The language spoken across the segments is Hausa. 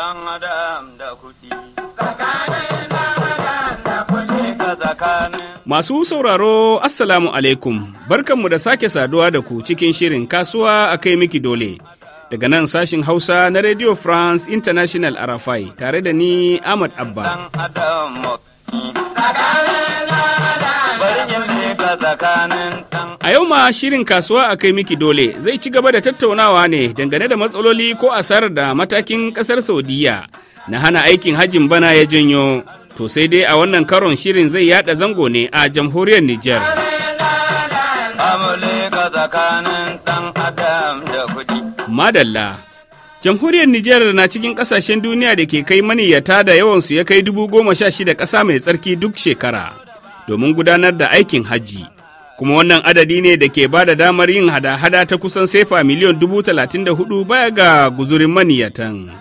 dan Masu sauraro Assalamu alaikum, barkanmu da sake saduwa da ku cikin shirin kasuwa a kai miki dole. Daga nan sashin Hausa na Radio France International Arafai tare da ni Ahmad Abba. kuma shirin kasuwa a kai miki dole zai ci gaba da tattaunawa ne dangane da matsaloli ko asarar da matakin kasar saudiyya na hana aikin hajin bana ya janyo to sai dai a wannan karon shirin zai yada zango ne a jamhuriyar niger madalla jamhuriyar niger na cikin kasashen duniya da ke kai maniyyata da yawansu ya kai dubu goma sha shida ƙasa mai tsarki duk shekara domin gudanar da aikin hajji kuma wannan adadi ne da ke bada damar yin hada-hada ta kusan sefa miliyon dubu talatin da hudu baya ga guzurin maniyatan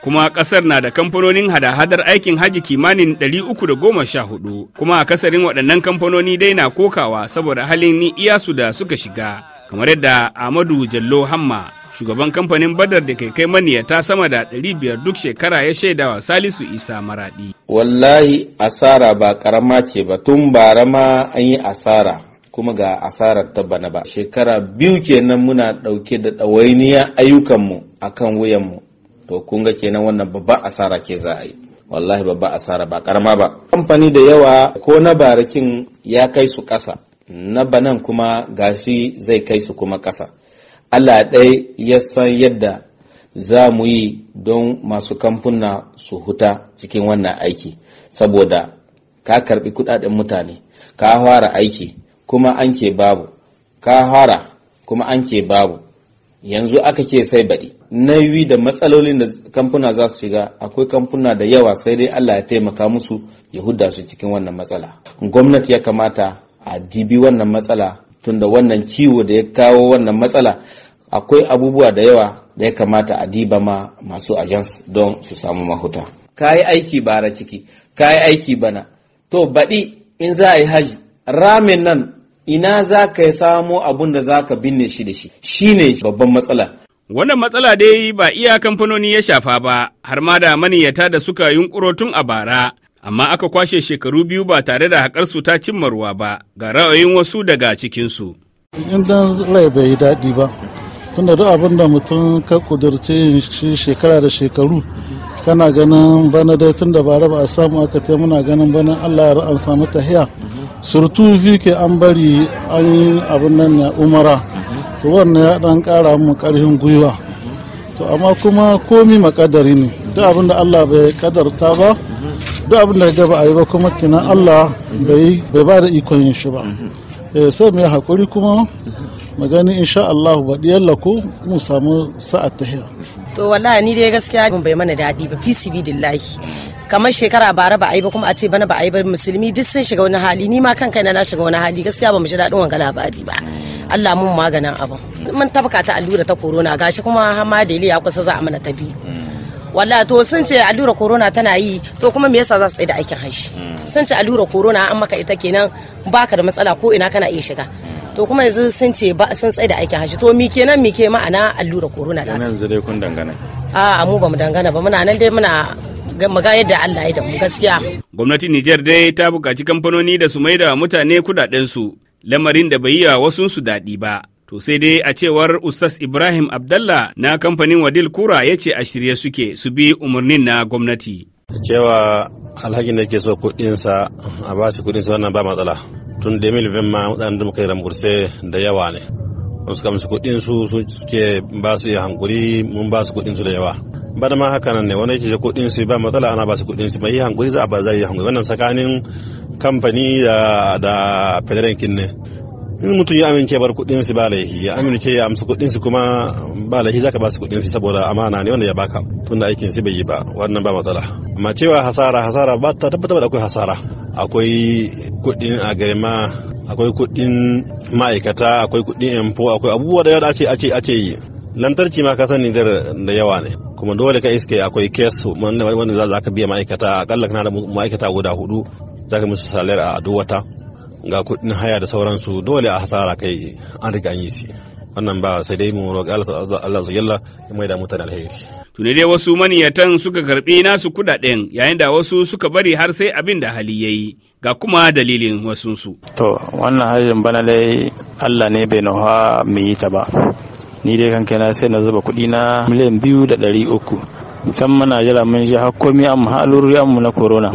kuma kasar na da kamfanonin hada-hadar aikin haji kimanin 314 kuma a kasarin waɗannan kamfanoni dai na kokawa saboda halin ni iyasu da suka shiga kamar yadda amadu jallo hamma shugaban kamfanin badar da kai kai maniyata sama da 500 duk shekara ya shaida wa salisu isa maradi wallahi asara ba karama ce ba tun bara ma an yi asara kuma ga asarar ta bana ba shekara biyu kenan muna ɗauke da ɗawainiya ayyukanmu a kan wuyanmu to kun ga kenan wannan babba asara ke za a yi wallahi babban asara ba karama ba kamfani da yawa ko na barakin ya kai su ƙasa na banan kuma gashi zai kai su kuma ƙasa allah ɗai ya san yadda za mu yi don masu kamfuna su huta cikin wannan aiki saboda ka karbi kuɗaɗen mutane ka fara aiki kuma an ke babu kahara kuma an ke babu yanzu aka ke sai baɗi Na yi da matsalolin da kamfuna za su shiga akwai kamfuna da yawa sai dai allah ya taimaka musu ya hudda su cikin wannan matsala gwamnati ya kamata a dibi wannan matsala tunda wannan kiwo da ya kawo wannan matsala akwai abubuwa da yawa da ya kamata a diba ma masu ajans don su samu mahuta ka yi aiki bara ciki ka yi aiki bana to baɗi in za a yi haji ramin nan ina za ka samo abun da za ka binne shi da shi Shi ne babban matsala wannan matsala dai ba iya kamfanoni ya shafa ba har ma da maniyyata da suka yunkuro tun a bara amma aka kwashe shekaru biyu ba tare da haƙar su ta cimma ruwa ba ga ra'ayin wasu daga cikinsu. in dan rai bai yi daɗi ba tunda duk abin da mutum ka kudurce shi shekara da shekaru kana ganin bana dai tun da bara ba a samu aka te muna ganin bana allah ya an samu tahiya surtu ke an bari an yi abin nan na umara to wannan ya dan kara mu karfin gwiwa to amma kuma komi makadari ne duk abin da Allah bai kadarta ba duk abin da gaba a ba kuma kina Allah bai ba da ikon yin shi ba eh, sai mai hakuri kuma magani insha Allah ba diyalla ko mu samu sa'a ta to wallahi ni dai gaskiya bai mana daɗi ba fi dillahi. kamar shekara bara ba a yi ba kuma a ce bana ba a yi ba musulmi duk sun shiga wani hali ni ma kan kaina na shiga wani hali gaskiya ba mu ji daɗin wanga labari ba Allah mun maganin abin mun tabka ta allura ta corona gashi kuma hama da ya kusa za a mana ta biyu walla to sun ce allura corona tana yi to kuma me yasa za su tsaye da aikin hashi. Mm. sun ce allura corona an maka ita kenan baka da matsala ko ina kana iya shiga to kuma yanzu sun ce ba sun tsaye da aikin hashi to mi kenan mi ke ma'ana allura corona da yanzu dai kun dangana a mu ba mu dangana ba muna nan dai muna maga yadda Allah ya da mu gaskiya. Gwamnatin Nijar dai ta buƙaci kamfanoni da su maida mutane kudadensu lamarin da bai yi wa wasunsu daɗi ba. To sai dai a cewar Ustaz Ibrahim Abdallah na kamfanin Wadil Kura ya ce a shirye suke su bi umarnin na gwamnati. Cewa alhakin da ke so kuɗinsa a ba su kuɗinsa wannan ba matsala. Tun da Emil ma mutanen da muka yi ramkurse da yawa ne. Wasu su kuɗinsu suke ba su iya hankuri mun ba su kuɗinsu da yawa. bada ma haka nan ne wani yake kudin su ba matsala ana ba su kudin su mai hankuri za a ba zai yi hankuri wannan tsakanin kamfani da da federal kin ne in mutum ya amince bar kudin su ba laifi ya amince ya amsa kudin su kuma ba laifi zaka ba su kudin su saboda amana ne wanda ya baka tun da aikin su bai yi ba wannan ba matsala amma cewa hasara hasara ba ta tabbata da akwai hasara akwai kudin a garma akwai kudin ma'aikata akwai kudin empo akwai abubuwa da yawa da ake ake ake yi lantarki ma ka sani da yawa ne kuma dole ka iske akwai kes wanda za ka biya ma'aikata akalla kana da ma'aikata guda hudu za ka musu salar a duk wata ga kudin haya da sauransu dole a hasara kai an riga an yi si wannan ba sai dai mu roƙi Allah su yalla ya maida da mutane alheri tuni dai wasu maniyatan suka karbi nasu kudaden yayin da wasu suka bari har sai abin da hali yayi ga kuma dalilin wasunsu to wannan hajjin bana dai Allah ne bai nawa mu yi ta ba ni dai kan kaina sai na zuba kuɗi na miliyan biyu da ɗari uku can muna jira mun ji hakkomi amma halurri amma na corona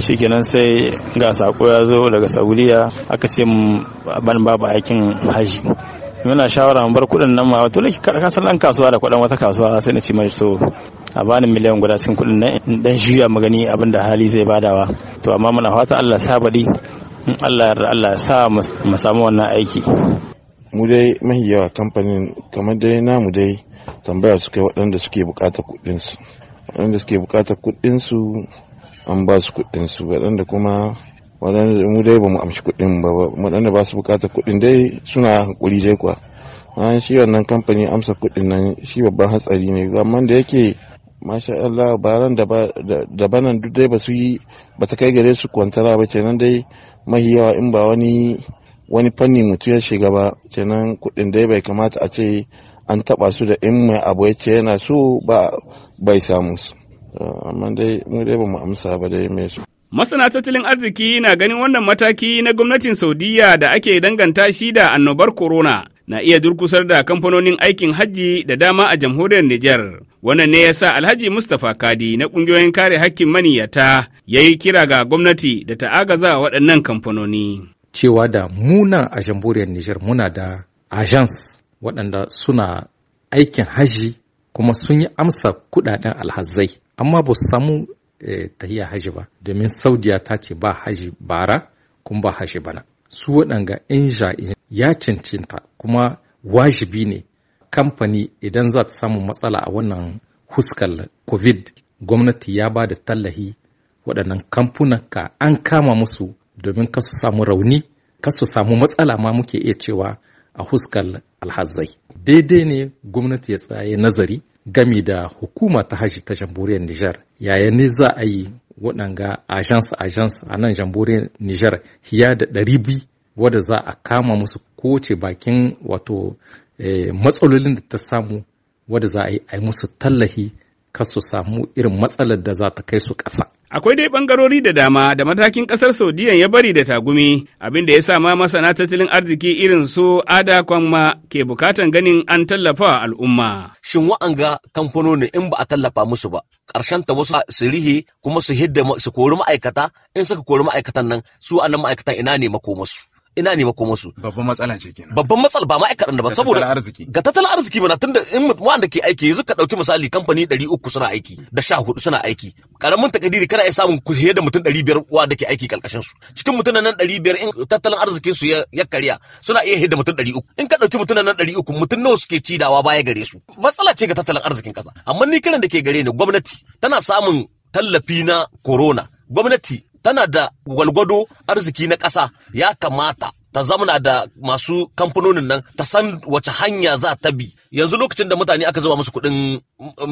shikenan sai ga sako ya zo daga saudiya aka ce ban babu aikin haji muna shawara mu bar kuɗin nan ma wato laki san ɗan kasuwa da kuɗin wata kasuwa sai na ce mai to a bani miliyan guda cikin kuɗin nan dan juya magani abin da hali zai badawa to amma muna fata Allah sabari in Allah ya Allah ya sa mu samu wannan aiki mu dai mahi yawa kamfanin kamar dai namu dai tambaya su kai waɗanda suke kuɗin su waɗanda suke kuɗin su an ba su kuɗin su waɗanda kuma waɗanda mu dai ba mu amshi kuɗin ba waɗanda ba su bukatar kuɗin dai suna hankuri dai kuwa an shi wannan kamfani amsa kuɗin nan shi babban hatsari ne amma da yake masha Allah baran da nan duk dai ba su yi ba ta kai gare su kwantara ba kenan dai mahiyawa in ba wani wani fanni mutu ya shiga ba kenan kuɗin dai bai kamata a ce an taba su da in mai abu ya ce yana su ba bai samu su amma dai mu dai ba mu amsa ba dai mai su. Masana tattalin arziki na ganin wannan mataki na gwamnatin Saudiya da ake danganta shi da annobar corona na iya durkusar da kamfanonin aikin hajji da dama a jamhuriyar Nijar. Wannan ne ya sa Alhaji Mustapha Kadi na ƙungiyoyin kare hakkin maniyata ya yi kira ga gwamnati da ta agaza waɗannan kamfanoni. cewa da Muna a jamhuriyar Nijar muna da agents waɗanda suna aikin haji kuma sun yi amsa kudaden alhazai amma ba su samu eh, tahiya haji ba domin saudiya ta ce ba haji bara kuma ba haji bana su waɗanga in ja'in ya cancanta kuma wajibi ne kamfani idan za ta samu matsala a wannan huskar covid gwamnati ya ba da tallahi waɗannan kamfunan ka an kama musu domin su samu rauni ka su samu matsala ma muke iya cewa a huskar alhazai daidai ne gwamnati ya tsaye nazari gami da hukuma ta haji ta jamhuriyar Nijar yayin ne za a yi waɗanga agence agence a nan jamhuriyar Nijar hiya da ɗari biyu wadda za a kama musu kowace bakin wato eh, matsalolin da ta samu wadda za a yi musu tallahi kar su samu irin matsalar da za ta kai su ƙasa. Akwai dai ɓangarori da dama da matakin ƙasar Saudiyan ya bari da tagumi abin da ya sa ma masana tattalin arziki irin su Ada Kwamma ke bukatan ganin an tallafa wa al'umma. Shin wa'anga kamfanoni in ba a tallafa musu ba ƙarshen ta wasu su rihe kuma su hidda su kori ma'aikata in suka kori ma'aikatan nan su a nan ma'aikatan ina ne makomasu. ina ne makoma su babban matsala ce kenan babban matsala ba ma kaɗan da ba saboda ga tattalin arziki mana tun da in wanda ke aiki yanzu ka ɗauki misali kamfani ɗari uku suna aiki da sha hudu suna aiki karamin takadiri kana iya samun fiye da mutum ɗari biyar wanda ke aiki ƙarƙashin su cikin mutum nan ɗari biyar in tattalin arzikin su ya karya suna iya hidda mutum ɗari uku in ka ɗauki mutum nan ɗari uku mutum nawa suke ci dawa baya gare su matsala ce ga tattalin arzikin kasa. amma ni kiran da ke gare ni gwamnati tana samun tallafi na corona gwamnati tana da gwalgwado arziki na ƙasa ya kamata ta zamana da masu kamfanonin nan ta san wace hanya za ta bi yanzu lokacin da mutane aka zuba musu kuɗin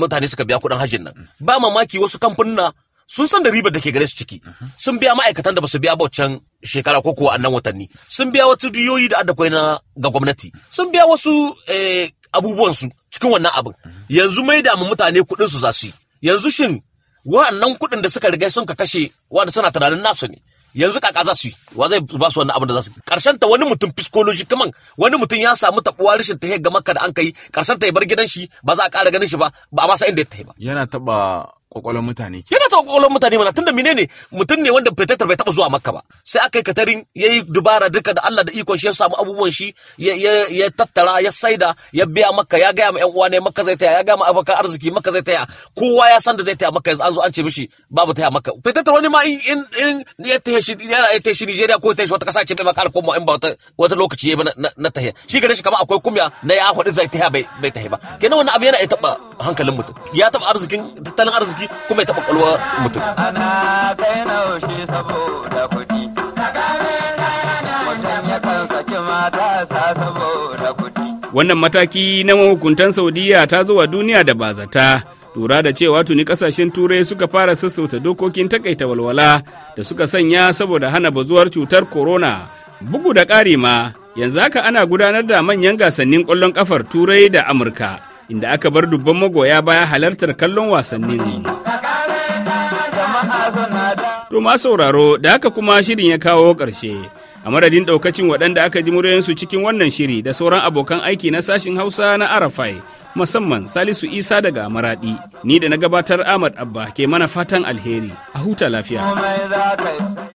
mutane suka biya kuɗin hajjin nan ba mamaki wasu kamfanuna sun san da ribar da ke gare su ciki sun biya ma'aikatan da ba su biya ba shekara ko kuwa annan watanni sun biya wasu duyoyi da adda na ga gwamnati sun biya wasu eh, abubuwansu cikin wannan abin yanzu mai da mutane kuɗin su za su yi yanzu shin wa'annan kuɗin da suka riga sun ka kashe wanda suna tunanin nasu ne yanzu kaka za su yi wa zai ba su wannan abin da za su karshen ta wani mutum fiskoloji kaman wani mutum ya samu tabuwa rashin ta ga maka da an kai karshen ta ya bar gidan shi ba za a kara ganin shi ba ba a ba sa inda ya ta ba yana taba kwakwalwar mutane yana ta kwakwalwar mutane mana tunda menene mutum ne wanda predator bai taba zuwa makka ba sai aka yi katarin yayi dubara duka da Allah da iko shi ya samu abubuwan shi ya tattara ya saida ya biya makka ya gaya ma yan uwa ne makka zai taya ya gaya ma abokan arziki makka zai taya kowa ya san da zai taya makka yanzu an zo an ce mishi babu taya makka predator wani ma in in ya taya shi yana ya taya shi Nigeria ko taya shi wata kasa ce bai maka alkoma in ba wata wata lokaci yayi na na taya shi gare shi kamar akwai kumya na ya hudu zai taya bai bai taya ba kenan wannan abu yana ya taba hankalin mutum ya taba arzikin tattalin arziki jirgi kuma ya taɓa ƙwalwa mutum. Wannan mataki na mahukuntan Saudiya ta zo wa duniya da bazata. Lura da cewa tuni kasashen turai suka fara sassauta dokokin takaita walwala da suka sanya saboda hana bazuwar cutar corona. Bugu da ƙari ma, yanzu haka ana gudanar da manyan gasannin ƙwallon ƙafar turai da Amurka. inda aka bar dubban magoya baya halartar kallon wasannin. To ma sauraro da haka kuma shirin ya kawo ƙarshe. A madadin ɗaukacin waɗanda aka ji muryoyinsu cikin wannan shiri da sauran abokan aiki na sashin Hausa na Arafai musamman Salisu Isa daga Maradi. Ni da na gabatar Ahmad Abba ke mana fatan alheri. A huta lafiya.